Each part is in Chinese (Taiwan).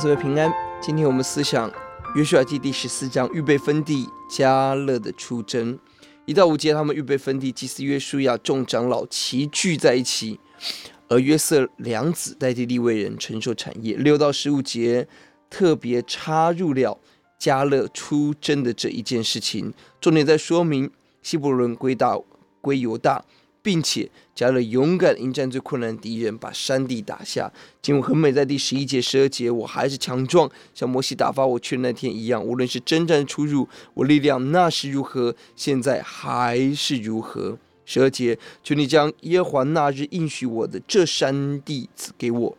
各位平安。今天我們思想《約書亞記》第十四章，預備分地，迦勒的出征。一到五節，他們預備分地，祭司約書亞眾長老齊聚在一起；而約瑟兩子代替利未人承受產業。六到十五節，特別插入了迦勒出征的這一件事情，重點在說明希伯倫歸大歸猶大。並且迦勒勇敢迎戰最困難的敵人，把山地打下。今日很美，在第十一節、十二節，我還是強壯，像摩西打發我去的那天一樣。無論是征戰出入，我力量那時如何，現在還是如何。十二節，求你將耶和華那日應許我的這山地賜給我，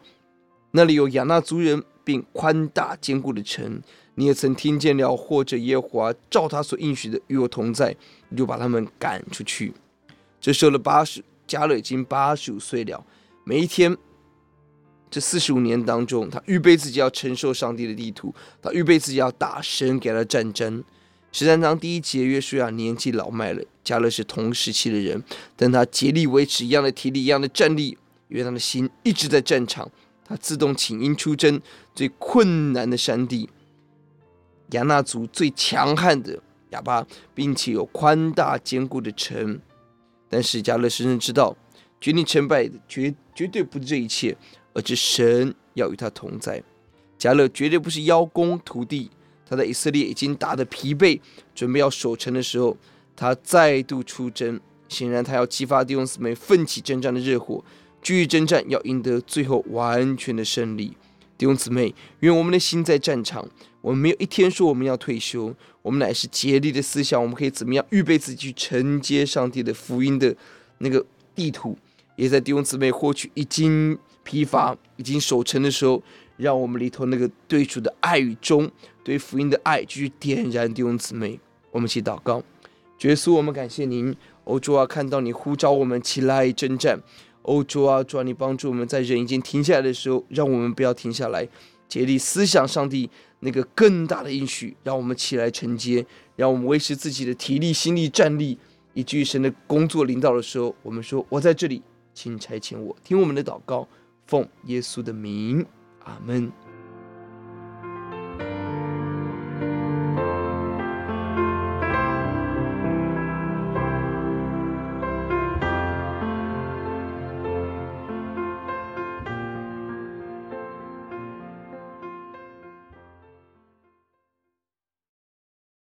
那裡有亞衲族人，並寬大堅固的城。你也曾聽見了，或者耶和華照他所應許的與我同在，你就把他們趕出去。這時候的八十迦勒已經八十五歲了，每一天，這四十五年當中，他預備自己要承受上帝的地土，他預備自己要打神給他戰爭。十三章第一節，約書亞年紀老邁了，迦勒是同時期的人，但他竭力維持一樣的體力，一樣的戰力，因為他的心一直在戰場，他自動請纓出征最困難的山地，亞衲族最強悍的亞巴，並且有寬大堅固的城。但是迦勒深深知道，決定成敗的絕絕對不是這一切，而是神要與他同在。迦勒絕對不是邀功圖地，他在以色列已經打得疲憊，準備要守成的時候，他再度出征。顯然，他要激發弟兄姊妹奮起征戰的熱火，繼續征戰，要贏得最後完全的勝利。弟兄姊妹，願我們的心在戰場。我們沒有一天說我們要退休，我們乃是竭力的思想，我們可以怎麼樣預備自己去承接上帝的福音的那個地土，也在弟兄姊妹獲取已經疲乏、已經守成的時候，讓我們裡頭那個對主的愛與忠，對福音的愛，去點燃弟兄姊妹。我們去禱告，耶穌，我們感謝您，歐洲啊，看到你呼召我們起來徵戰，歐洲啊，求、啊、你幫助我們在人已經停下來的時候，讓我們不要停下來。竭力思想上帝那個更大的應許，讓我們起來承接，讓我們維持自己的體力、心力、戰力，以及神的工作領導的時候，我們說：“我在這裡，請你差遣我。”聽我們的禱告，奉耶穌的名，阿門。